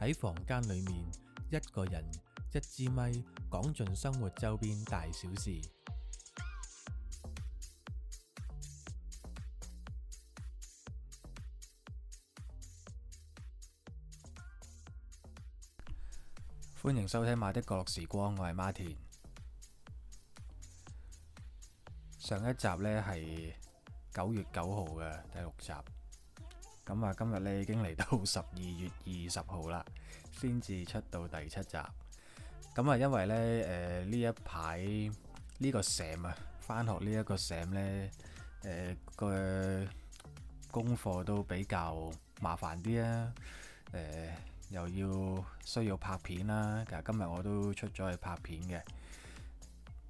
喺房間裏面，一個人一支咪，講盡生活周邊大小事。歡迎收聽《馬的角落時光》，我係 Martin。上一集呢係九月九號嘅第六集。咁啊，今日咧已經嚟到十二月二十號啦，先至出到第七集。咁啊，因為咧誒呢、呃、一排、這個、呢個 Sam 啊，返學呢一個 Sam 咧誒個功課都比較麻煩啲啊。誒、呃、又要需要拍片啦，其實今日我都出咗去拍片嘅。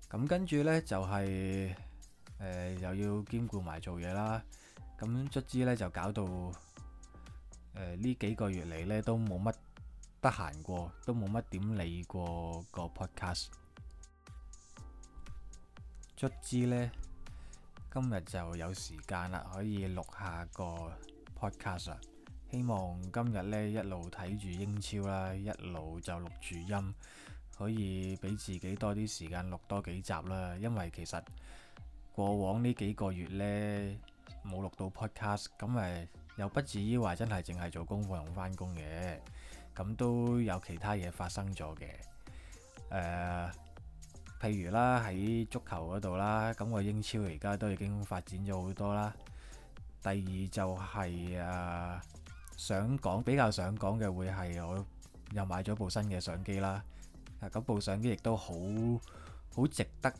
咁跟住咧就係、是、誒、呃、又要兼顧埋做嘢啦。咁卒之咧就搞到～呃，呢幾個月嚟，呢，都冇乜得閒過，都冇乜點理過個 podcast。卒之，呢，今日就有時間啦，可以錄下個 podcast。希望今日呢，一路睇住英超啦，一路就錄住音，可以俾自己多啲時間錄多幾集啦。因為其實過往呢幾個月呢，冇錄到 podcast，咁咪。又不至於話真係淨係做功課同翻工嘅，咁都有其他嘢發生咗嘅。誒、呃，譬如啦，喺足球嗰度啦，咁我英超而家都已經發展咗好多啦。第二就係、是、誒、呃、想講比較想講嘅會係我又買咗部新嘅相機啦，啊咁部相機亦都好好值得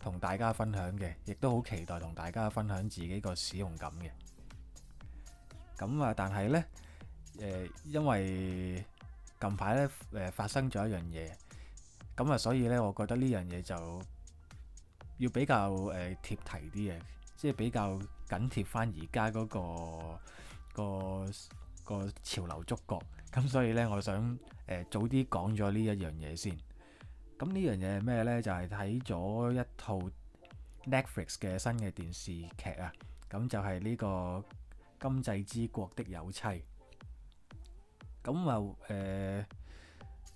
同大家分享嘅，亦都好期待同大家分享自己個使用感嘅。咁啊，但係咧，誒、呃，因為近排咧誒發生咗一樣嘢，咁啊，所以咧，我覺得呢樣嘢就要比較誒、呃、貼題啲嘅，即係比較緊貼返而家嗰個個，個，個潮流觸覺。咁所以咧，我想誒、呃、早啲講咗呢一樣嘢先。咁、嗯、呢樣嘢係咩咧？就係睇咗一套 Netflix 嘅新嘅電視劇啊，咁、嗯、就係、是、呢、這個。今際之國的有棲，咁啊誒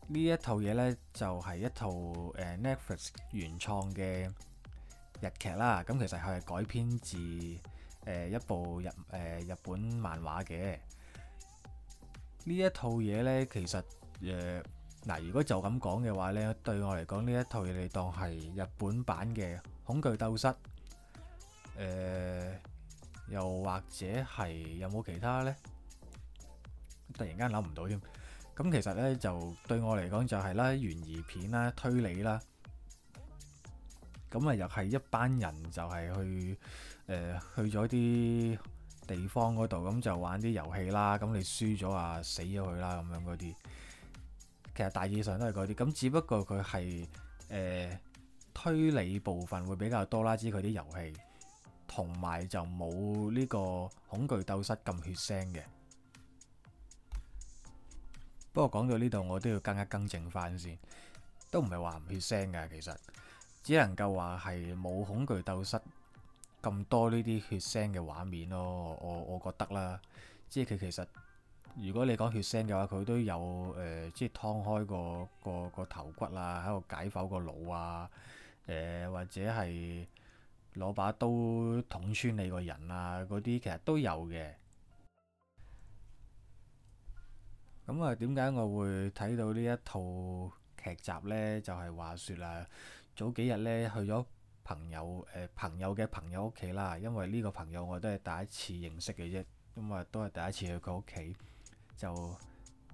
呢一套嘢呢，就係、是、一套誒、呃、Netflix 原創嘅日劇啦。咁其實係改編自誒、呃、一部日誒、呃、日本漫畫嘅。呢一套嘢呢，其實誒嗱、呃，如果就咁講嘅話呢，對我嚟講呢一套嘢，你當係日本版嘅恐懼鬥室誒。呃又或者係有冇其他呢？突然間諗唔到添。咁其實呢，就對我嚟講就係啦，懸疑片啦、推理啦，咁啊又係一班人就係去誒、呃、去咗啲地方嗰度，咁就玩啲遊戲啦。咁你輸咗啊，死咗佢啦咁樣嗰啲。其實大致上都係嗰啲，咁只不過佢係誒推理部分會比較多啦，之佢啲遊戲。同埋就冇呢個恐懼鬥室咁血腥嘅。不過講到呢度，我都要更加更正翻先。都唔係話唔血腥㗎，其實只能夠話係冇恐懼鬥室咁多呢啲血腥嘅畫面咯我，我我覺得啦，即係佢其實如果你講血腥嘅話，佢都有誒、呃，即係劏開個個個頭骨啊，喺度解剖個腦啊，誒、呃、或者係。攞把刀捅穿你個人啊！嗰啲其實都有嘅。咁啊，點解我會睇到呢一套劇集呢？就係、是、話說啊，早幾日呢去咗朋友誒、呃、朋友嘅朋友屋企啦，因為呢個朋友我都係第一次認識嘅啫，咁啊都係第一次去佢屋企，就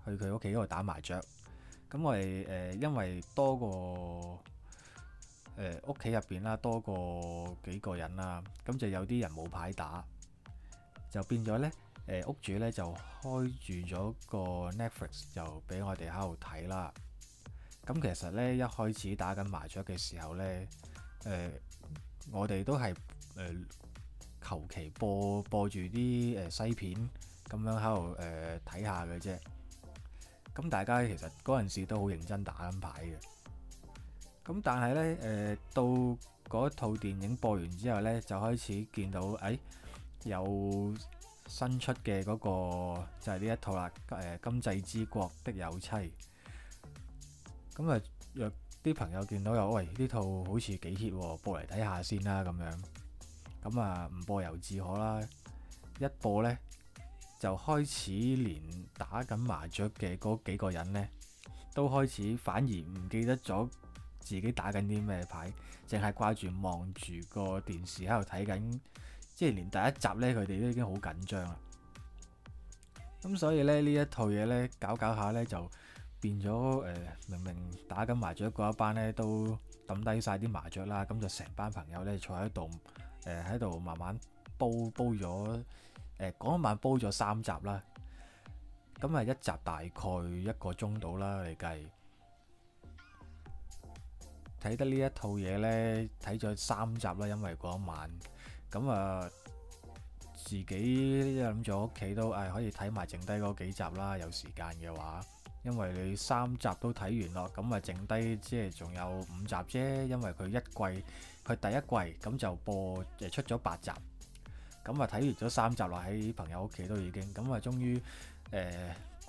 去佢屋企嗰度打麻雀。咁我誒、呃，因為多過。誒屋企入邊啦，呃、多過幾個人啦，咁、嗯、就有啲人冇牌打，就變咗呢。誒、呃、屋主呢就開住咗個 Netflix，就俾我哋喺度睇啦。咁、嗯、其實呢，一開始打緊麻雀嘅時候呢，誒、呃、我哋都係誒求其播播住啲誒西片，咁樣喺度誒睇下嘅啫。咁、嗯、大家其實嗰陣時都好認真打緊牌嘅。咁但係咧，誒、呃、到嗰套電影播完之後咧，就開始見到誒、哎、有新出嘅嗰、那個就係、是、呢一套啦，誒、呃《今際之國的有棲》。咁、嗯、啊，若啲朋友見到有「喂呢套好似幾 hit 播嚟睇下先啦」咁樣。咁、嗯、啊，唔、嗯、播又自可啦，一播咧就開始連打緊麻雀嘅嗰幾個人咧，都開始反而唔記得咗自己打緊啲咩牌，淨係掛住望住個電視喺度睇緊，即係連第一集呢，佢哋都已經好緊張啦。咁所以呢，呢一套嘢呢，搞搞下呢，就變咗誒、呃，明明打緊麻雀嗰一班呢，都抌低晒啲麻雀啦，咁就成班朋友呢，坐喺度誒，喺度慢慢煲煲咗誒，嗰、呃、晚煲咗三集啦。咁啊，一集大概一個鐘到啦，你計。睇得呢一套嘢呢，睇咗三集啦，因為嗰晚咁啊，自己諗咗屋企都誒可以睇埋剩低嗰幾集啦，有時間嘅話，因為你三集都睇完咯，咁啊剩低即係仲有五集啫，因為佢一季佢第一季咁就播誒出咗八集，咁啊睇完咗三集啦，喺朋友屋企都已經，咁啊終於誒。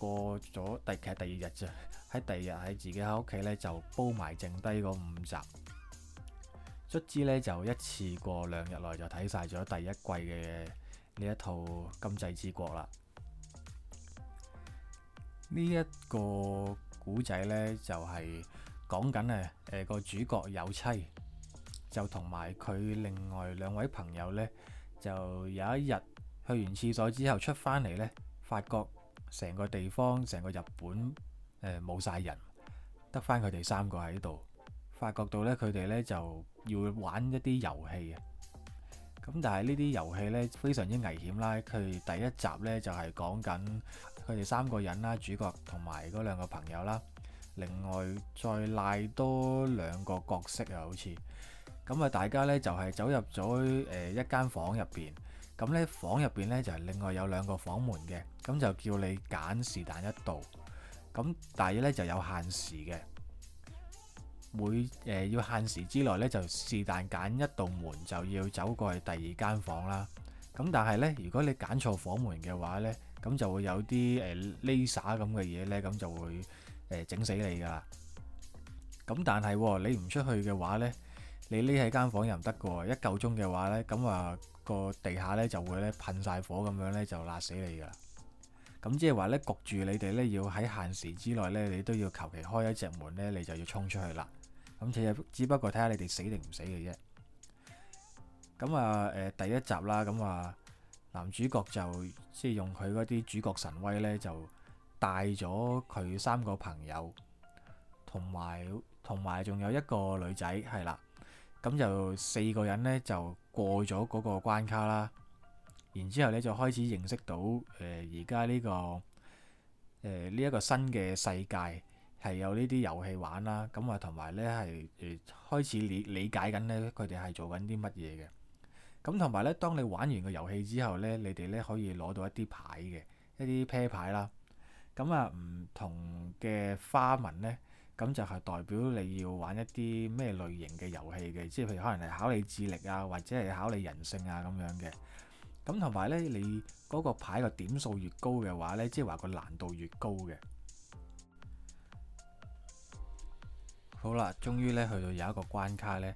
過咗第劇第二日啫，喺第二日喺自己喺屋企咧就煲埋剩低嗰五集，卒之咧就一次過兩日內就睇晒咗第一季嘅呢一套《今際之國》啦。呢一個古仔咧就係講緊誒誒個主角有棲，就同埋佢另外兩位朋友咧，就有一日去完廁所之後出返嚟咧，發覺，成個地方，成個日本，呃，冇晒人，得翻佢哋三個喺度，發覺到呢，佢哋呢就要玩一啲遊戲嘅。咁但係呢啲遊戲呢，非常之危險啦。佢第一集呢，就係講緊佢哋三個人啦，主角同埋嗰兩個朋友啦，另外再賴多兩個角色啊，好似。咁啊，大家呢，就係走入咗誒一間房入邊。咁咧房入邊咧就另外有兩個房門嘅，咁就叫你揀是但一道，咁但係咧就有限時嘅，每誒要限時之內咧就是但揀一道門就要走過去第二間房啦。咁但係咧，如果你揀錯房門嘅話咧，咁就會有啲誒 laser 咁嘅嘢咧，咁就會誒整死你噶啦。咁但係你唔出去嘅話咧，你匿喺間房又唔得噶喎，一夠鐘嘅話咧，咁話。個地下咧就會咧噴晒火咁樣咧就焫死你噶啦，咁即係話咧焗住你哋咧要喺限時之內咧，你都要求其開一隻門咧，你就要衝出去啦。咁其實只不過睇下你哋死定唔死嘅啫。咁啊誒第一集啦，咁啊男主角就即係用佢嗰啲主角神威咧就帶咗佢三個朋友同埋同埋仲有一個女仔係啦，咁就四個人咧就。過咗嗰個關卡啦，然之後咧就開始認識到，誒而家呢個誒呢一個新嘅世界係有呢啲遊戲玩啦，咁啊同埋咧係誒開始理理解緊咧佢哋係做緊啲乜嘢嘅，咁同埋咧當你玩完個遊戲之後咧，你哋咧可以攞到一啲牌嘅一啲啤牌啦，咁啊唔同嘅花紋咧。咁就係代表你要玩一啲咩類型嘅遊戲嘅，即係譬如可能係考你智力啊，或者係考你人性啊咁樣嘅。咁同埋呢，你嗰個牌個點數越高嘅話呢，即係話個難度越高嘅。好啦，終於呢去到有一個關卡呢，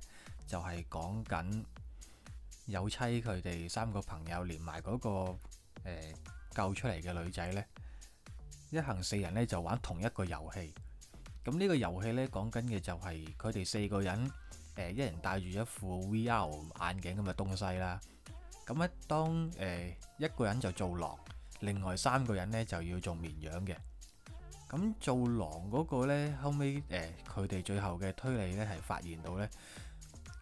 就係講緊有棲佢哋三個朋友連埋嗰、嗰個、呃、救出嚟嘅女仔呢一行四人呢，就玩同一個遊戲。咁呢個遊戲呢，講緊嘅就係佢哋四個人誒、呃，一人戴住一副 VR 眼鏡咁嘅東西啦。咁、啊、咧，當誒、呃、一個人就做狼，另外三個人呢就要做綿羊嘅。咁、嗯、做狼嗰個呢，後尾佢哋最後嘅推理呢係發現到呢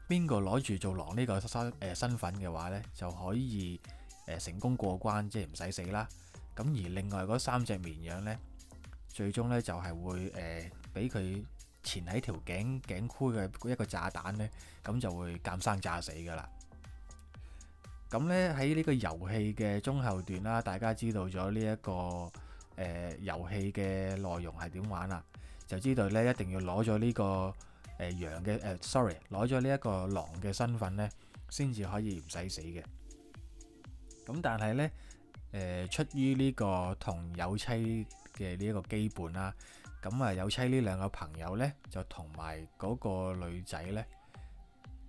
邊個攞住做狼呢個身、呃、身份嘅話呢，就可以、呃、成功過關，即係唔使死啦。咁、啊、而另外嗰三隻綿羊呢，最終呢就係會誒，呃呃呃呃俾佢纏喺條頸頸箍嘅一個炸彈咧，咁就會減生炸死㗎喇。咁咧喺呢個遊戲嘅中後段啦，大家知道咗呢一個誒遊戲嘅內容係點玩啦，就知道咧一定要攞咗呢個誒羊嘅誒，sorry，攞咗呢一個狼嘅身份咧，先至可以唔使死嘅。咁但係咧誒，出於呢個同有棲嘅呢一個基本啦。咁啊，有棲呢兩個朋友呢，就同埋嗰個女仔呢，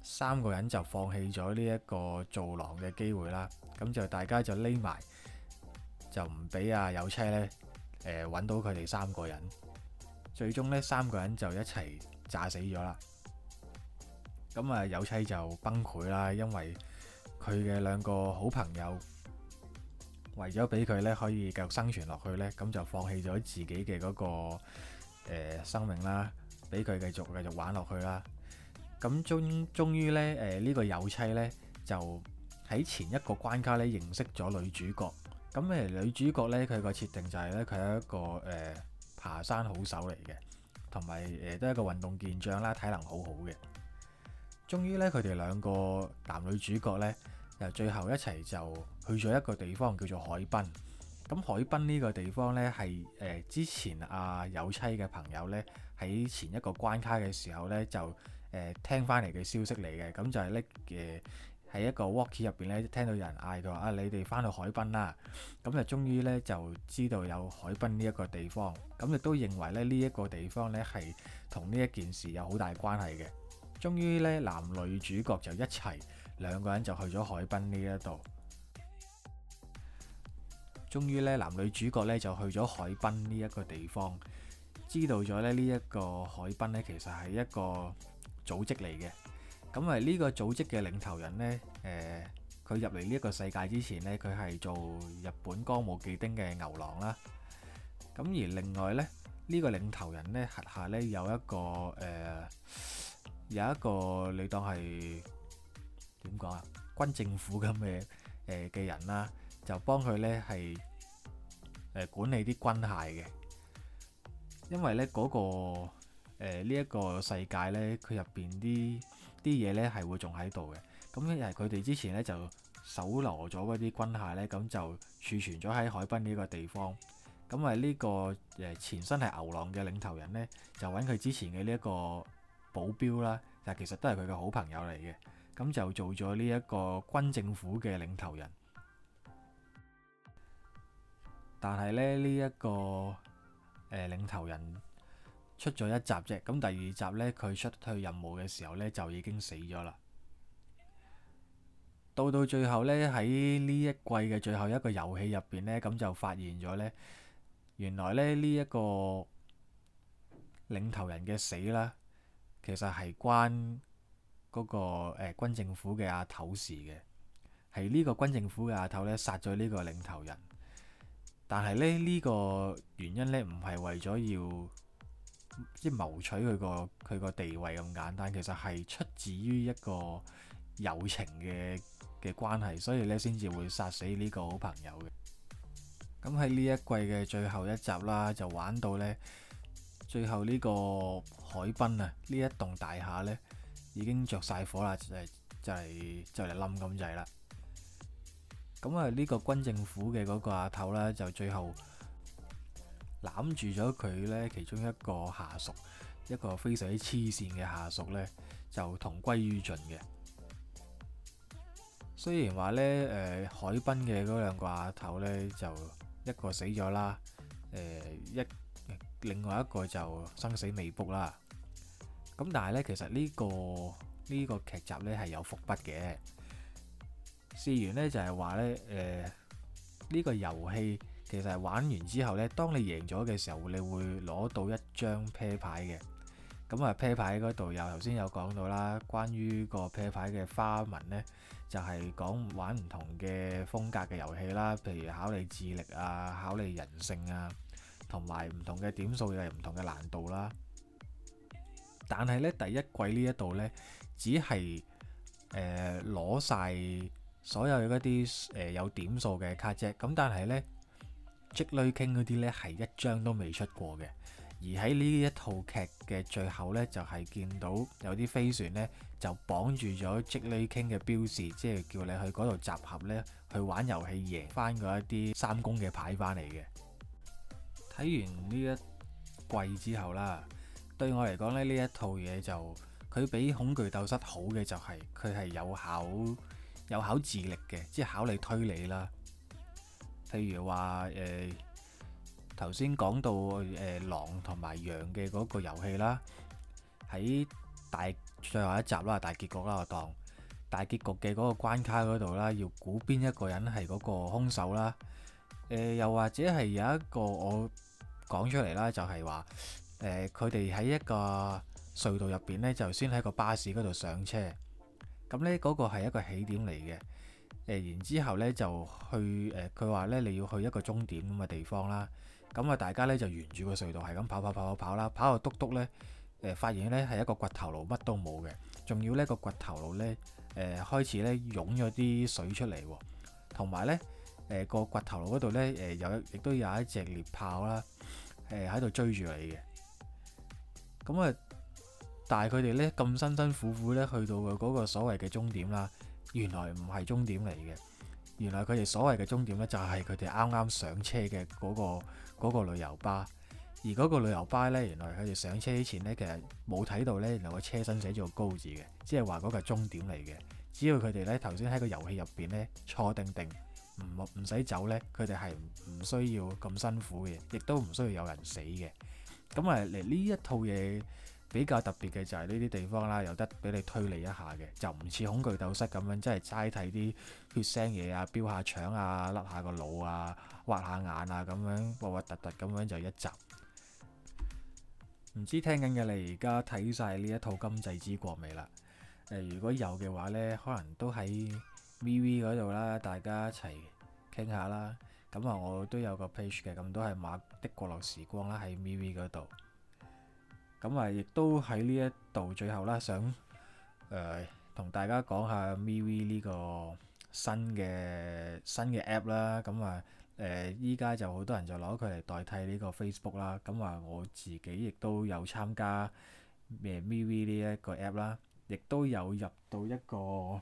三個人就放棄咗呢一個做狼嘅機會啦。咁就大家就匿埋，就唔俾啊有棲呢誒、呃、揾到佢哋三個人。最終呢，三個人就一齊炸死咗啦。咁啊，有棲就崩潰啦，因為佢嘅兩個好朋友，為咗俾佢咧可以繼續生存落去咧，咁就放棄咗自己嘅嗰、那個、呃、生命啦，俾佢繼續繼續玩落去啦。咁終終於咧誒呢、呃這個有棲咧就喺前一個關卡咧認識咗女主角。咁誒、呃、女主角咧佢個設定就係咧佢係一個誒、呃、爬山好手嚟嘅，同埋誒都係一個運動健將啦，體能好好嘅。終於咧佢哋兩個男女主角咧由最後一齊就～去咗一個地方叫做海濱。咁海濱呢個地方呢，係、呃、誒之前阿、啊、有棲嘅朋友呢，喺前一個關卡嘅時候呢，就誒、呃、聽翻嚟嘅消息嚟嘅。咁就係呢誒喺一個 walkie 入邊呢，聽到有人嗌佢話，你哋翻到海濱啦。咁就終於呢就知道有海濱呢一個地方。咁亦都認為咧呢一、呢個地方呢，係同呢一件事有好大關係嘅。終於呢，男女主角就一齊兩個人就去咗海濱呢一度。終於咧，男女主角咧就去咗海濱呢一個地方，知道咗咧呢一個海濱咧其實係一個組織嚟嘅。咁啊，呢個組織嘅領頭人咧，誒佢入嚟呢一個世界之前咧，佢係做日本歌舞伎町嘅牛郎啦。咁而另外咧，呢個領頭人咧，轄下咧有一個誒有一個你當係點講啊？軍政府咁嘅誒嘅人啦。就幫佢咧係誒管理啲軍械嘅，因為咧嗰個誒呢一個世界咧，佢入邊啲啲嘢咧係會仲喺度嘅。咁咧係佢哋之前咧就搜羅咗嗰啲軍械咧，咁就儲存咗喺海濱呢一個地方。咁啊呢個誒前身係牛郎嘅領頭人咧，就揾佢之前嘅呢一個保鏢啦，但係其實都係佢嘅好朋友嚟嘅，咁就做咗呢一個軍政府嘅領頭人。但係咧，呢一個誒領頭人出咗一集啫。咁第二集呢，佢出退任務嘅時候呢，就已經死咗啦。到到最後呢，喺呢一季嘅最後一個遊戲入邊呢，咁就發現咗呢，原來咧呢一個領頭人嘅死啦，其實係關嗰個誒軍政府嘅阿頭事嘅，係呢個軍政府嘅阿頭呢，殺咗呢個領頭人。但係咧呢個原因呢，唔係為咗要即係謀取佢個佢個地位咁簡單，其實係出自於一個友情嘅嘅關係，所以呢先至會殺死呢個好朋友嘅。咁喺呢一季嘅最後一集啦，就玩到呢最後呢個海濱啊一棟呢一棟大廈呢已經着曬火啦，就嚟就嚟就嚟冧咁滯啦。咁啊，呢個軍政府嘅嗰個阿頭咧，就最後攬住咗佢咧，其中一個下屬，一個非常之黐線嘅下屬咧，就同歸於盡嘅。雖然話咧，誒、呃、海濱嘅嗰兩個阿頭咧，就一個死咗啦，誒、呃、一另外一個就生死未卜啦。咁但係咧，其實、這個這個、呢個呢個劇集咧係有伏筆嘅。試完咧就係話咧，誒、呃、呢、這個遊戲其實係玩完之後咧，當你贏咗嘅時候，你會攞到一張 pair 牌嘅。咁啊 pair 牌嗰度又頭先有講到啦，關於個 pair 牌嘅花紋咧，就係、是、講玩唔同嘅風格嘅遊戲啦，譬如考你智力啊，考你人性啊，同埋唔同嘅點數又係唔同嘅難度啦。但係咧，第一季呢一度咧，只係誒攞晒。呃所有嗰啲誒有點數嘅卡啫，咁但係呢，J Q K 嗰啲呢係一張都未出過嘅。而喺呢一套劇嘅最後呢，就係、是、見到有啲飛船呢就綁住咗 J Q K 嘅標示，即係叫你去嗰度集合呢，去玩遊戲贏翻嗰一啲三公嘅牌翻嚟嘅。睇完呢一季之後啦，對我嚟講呢，呢一套嘢就佢比《恐懼鬥室好、就是》好嘅就係佢係有考。有考智力嘅，即係考你推理啦。譬如話誒，頭先講到誒、呃、狼同埋羊嘅嗰個遊戲啦，喺大最後一集啦，大結局啦，我當大結局嘅嗰個關卡嗰度啦，要估邊一個人係嗰個兇手啦。誒、呃，又或者係有一個我講出嚟啦，就係、是、話，誒、呃，佢哋喺一個隧道入邊呢，就先喺個巴士嗰度上車。咁呢嗰個係一個起點嚟嘅，誒然之後呢，就去誒，佢、呃、話呢，你要去一個終點咁嘅地方啦。咁啊，大家呢，就沿住個隧道係咁跑跑跑跑跑啦，跑到篤篤呢，誒、呃、發現呢係一個掘頭路，乜都冇嘅，仲要呢個掘頭路呢，誒、那個呃、開始呢湧咗啲水出嚟，同埋呢，誒、呃那個掘頭路嗰度呢，誒有亦都有一隻獵豹啦，誒喺度追住你嘅，咁、嗯、啊～、呃但係佢哋咧，咁辛辛苦苦咧去到嘅嗰個所謂嘅終點啦，原來唔係終點嚟嘅。原來佢哋所謂嘅終點咧就係佢哋啱啱上車嘅嗰、嗰個、嗰個旅遊巴。而嗰個旅遊巴咧，原來佢哋上車之前咧，其實冇睇到咧，原來個車身寫咗個高字嘅，即係話嗰個係終點嚟嘅。只要佢哋咧頭先喺個遊戲入邊咧坐定定，唔唔使走咧，佢哋係唔需要咁辛苦嘅，亦都唔需要有人死嘅。咁啊嚟呢一套嘢。比較特別嘅就係呢啲地方啦，有得俾你推理一下嘅，就唔似恐懼鬥室咁樣，即係齋睇啲血腥嘢啊，飆下腸啊，甩下個腦啊，挖下眼啊，咁樣核核突突咁樣就一集。唔知聽緊嘅你而家睇晒呢一套《今際之國》未、呃、啦？如果有嘅話呢，可能都喺 Viu 嗰度啦，大家一齊傾下啦。咁啊，我都有個 page 嘅，咁都係馬的過樂時光啦，喺 Viu 嗰度。咁啊，亦都喺呢一度最後啦，想誒同大家講下 MeWe 呢個新嘅新嘅 App 啦。咁啊，誒依家就好多人就攞佢嚟代替呢個 Facebook 啦。咁啊，我自己亦都有參加誒 MeWe 呢一個 App 啦，亦都有入到一個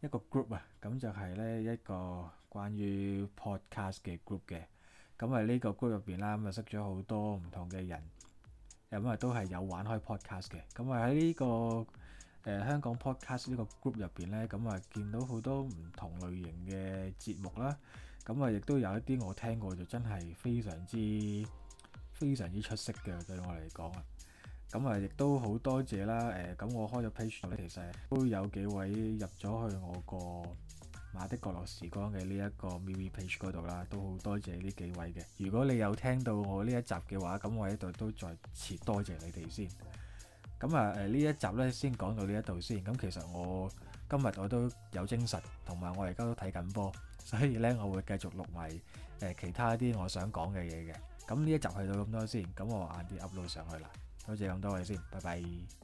一個 group 啊。咁就係咧一個關於 Podcast 嘅 group 嘅。咁啊，呢個 group 入邊啦，咁啊識咗好多唔同嘅人。咁啊都係有玩開 podcast 嘅，咁啊喺呢個誒、呃、香港 podcast 呢個 group 入邊呢，咁啊見到好多唔同類型嘅節目啦，咁啊亦都有一啲我聽過就真係非常之非常之出色嘅，對我嚟講啊，咁啊亦都好多謝啦誒，咁、呃、我開咗 patient 咧，其實都有幾位入咗去我個馬的角落時光嘅呢一個 movie page 嗰度啦，都好多謝呢幾位嘅。如果你有聽到我呢一集嘅話，咁我喺度都再次多謝你哋先。咁啊，誒呢一集咧先講到呢一度先。咁其實我今日我都有精神，同埋我而家都睇緊波，所以咧我會繼續錄埋誒其他啲我想講嘅嘢嘅。咁呢一集去到咁多先，咁我晏啲 upload 上去啦。多謝咁多位先，拜拜。